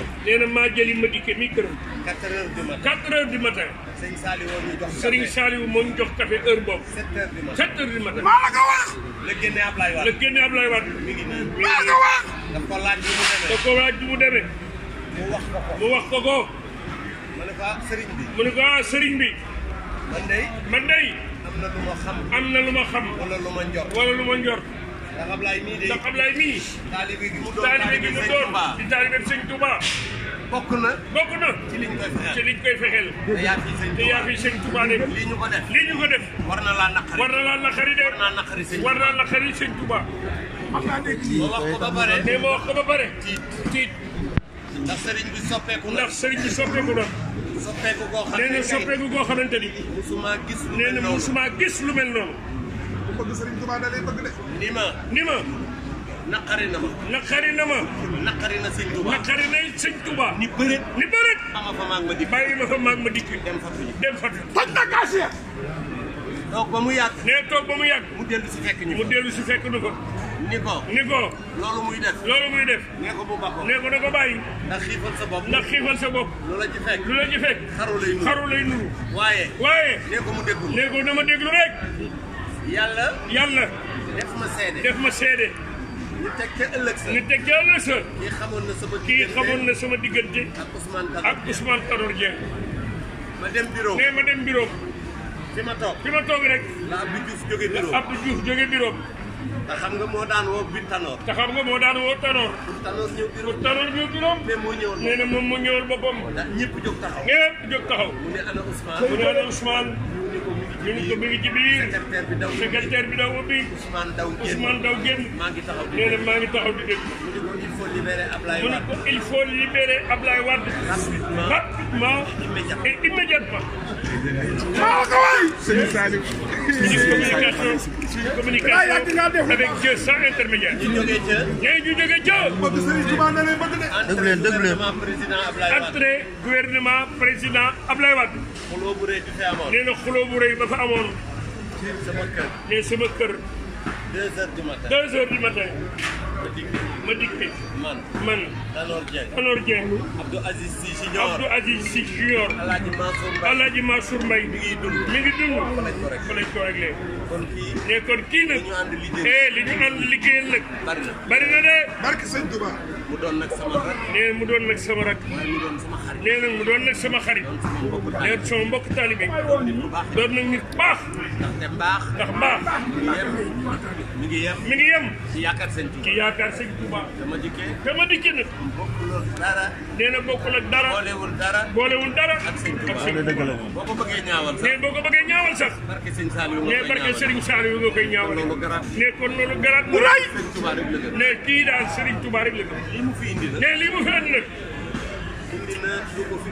këram. nee na maa jëli ma dikke mi këram. 4 heures du matin 4 jox café sëriñ Saliou moo ñu jox café heure boobu. 7 heures du matin 7 heures du matin. maa la ko wax. la génne Ablaye Wade maa la ko wax. daf ko laaj bi wax ko ko mu wax ah, sëriñ bi. mu ne ah, man day am na lu ma xam. am na lu ma xam. wala lu ma njor. da xam laay mii de da xam laay mii. taalibe gi mu doon taalibe gi mu doon di taalibe bi sëñ Touba. bokk na bokk na ci liñ koy fexeel ci liñ koy fexeel. te yaa fi sëñ Touba te yaa fi sëñ Touba de. lii ñu ko def lii ñu ko def. war na laa naqari war na laa naqari de. war naa naqari sëñ Touba war naa naqari sëñ Touba. xam naa ne kii wax ko ba pare ne ma wax ko ba pare. tiit tiit. ndax sëriñ bi soppeeku na ndax sëriñ bi soppeeku na. soppeeku goo xamante ni nee na soppeeku goo xamante ni. musuma gis lu mel noonu nee na musuma gis lu mel noonu. bëgg Serigne Touba da lay bëgg de. ni ma ni ma. naqari na ma. naqari na ma. naqari na sëñ Touba. naqari na sëñ Touba. ni bëreet. ni bëreet. ama fa maag ma dikk. bàyyi ma fa maag ma dikk. dem fatu ji dem fatu ji. toj na gaas ya. toog ba mu yàgg. nee toog ba mu yàgg. mu dellu si fekk ñu ko mu dellu si fekk ñu ko. ni ko ni ko. loolu muy def. loolu muy def. nee ko bu baax nee ko na ko bàyyi. ndax xiifal sa bopp. ndax xiifal sa bopp. lu la ci fekk lu la ci fekk. xaru lay nuru xaru lay nuru. waaye. waaye. nee ko mu déglu nee ko dama déglu rek. yàlla. yàlla. def ma seede. def ma seede. ñu teg ca sa ñu teg ca ëllëg sa. kii xamoon na sama diggante kii na sama diggante. ak Ousmane Tanor Dieng ak Ousmane Tanor Dieng. ma dem bureau nee ma dem bureau. fi ma toog fi ma toog rek. la di Diouf jóge bureau la Abdou Diouf xam nga moo daan woo bi Tanor. te xam nga moo daan woo Tanor. pour Tanor ñëw bureau moo ñëwoon boppam nee na moom moo ñëwoon boppam. ndax ñëpp jóg taxaw. mu ne ana Ousmane ñu ngi ko mi ngi ci biir secrétaire bi daw secrétaire bi daw bi Ousmane daw génn Ousmane daw génn maa ngi taxaw nee na maa ngi taxaw di dégg mu ne ko il faut libérer Ablaye Wade mu ne ko il faut libérer Ablaye Wade rapidement et immédiatement maa ah, ko waay sëñ Saliou communication communication avec Dieu sans intermédiaire ñu jógee ca ñee ñu jógee ca bëgg Serigne Touba na leen bëgg de déglu leen déglu leen président Ablaye Wade entrée gouvernement président Ablaye Wade xuloo bu rëy bi fi amoon nee na xuloo bu rëy ba fa amoon. ci sama kër. ne sama kër. deux heures du matin deux heures du matin. ma dikke ma dikke. man man. Tanor Dieng Tanor Dieng. Abdou Aziz Sy Junior Abdou Aziz Sy Junior. Alaaji Mansour Mbaye Alaaji Mansour Mbaye. mi ngi dund mi kon kii ne kon li ñu ànd liggéey. Eh, li ñu ànd liggéeyal nag. bari na bari mu doon nag sama rak. nee mu doon nag sama rak. waaye mu doon sama xarit. nee nag mu doon nag sama xarit. doon sama mbokk taalibe. doon nag nit baax. ndaxte baax. ndax baax. mi ngi yem mi ngi yem. ci yaakaar sëñ Tuuba. ci yaakaar sëñ Tuuba. dama dikkee. dama dikkee nag. bokkuloo dara. nee na bokkul ak dara boolewul dara boolewul dara ak sëñ Tuubaa boo ko bëggee ñaawal sax boo ko bëggee ñaawal sax barke sëñ Saliou nee barke sëriñ Saliou nga koy ñaawal nee kon loolu garaat mu ray nee kii daal sëriñ Tuubaa rek la gëm lii mu fi indi nag nee lii mu fi indi nag lu ko fi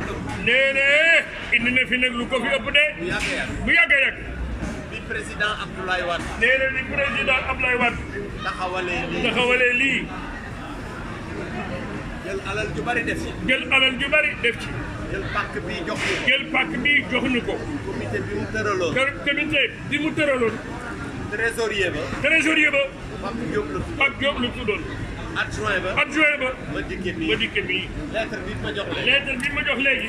de bu yàgg a yàgg bi président Abdoulaye Wade nee na li président Abdoulaye Wade taxawalee lii taxawalee lii jël alal bari def ci. jël alal ju bari def ci. jël bi jox ñu ko. jël pàkk bi jox ñu ko. comité bi mu tëraloon. comité bi mu tëraloon. trésorier ba. trésorier ba. Pape Diop la tuddoon Pape Diop la tuddoon. adjoint ba ba. ma bi ma dikke bi. lettre bi ma jox léegi. lettre ma jox léegi.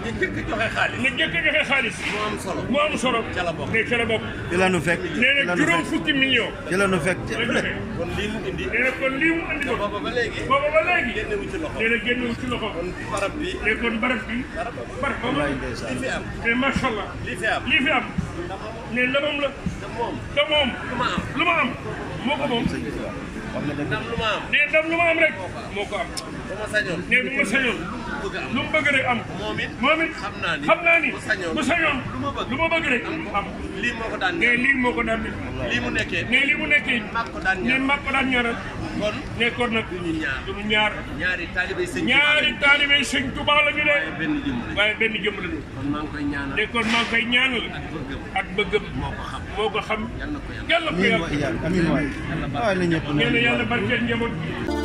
ñi jëkk a joxe xaalis ñi jëkk a joxe xaalis. moo am solo moo am solo. ca la bokk ca la bokk. ci la nu fekk nee na juróom fukki million. ci la nu fekk kon lii mu indi. nee na kon lii mu indi ko. booba ba léegi. booba ba léegi. génne wu ci loxo. nee na génne wu ci loxo. kon barab bi. nee kon barab bi. barab ba mu li fi am. te macha allah. li fi am li fi am. nee ndamam la. te moom te moom. lu ma am lu ma am. moo ko moom ndam lu ma am nee ndam lu ma rek moo ko am nee bu ma sañoon lu mu bëgg rek am moom it xam naa ni bu sañoon lu ma bëgg rek am nee lii moo ko daan nee lii mu nekkee nee màkk ko daan ñaanal kon nekkoon nag duñu ñaar ñaari taalibe sëñ ñaari taalibe sëñ Tuubaa la ñu de waaye benn jëm la ñu kon maa ngi koy ñaanal de kon maa ngi koy ñaanal ak bëggam moo ko xam moo ko xam yàlla ko yàlla ko yàlla amiin waay yàlla barkeel njaboot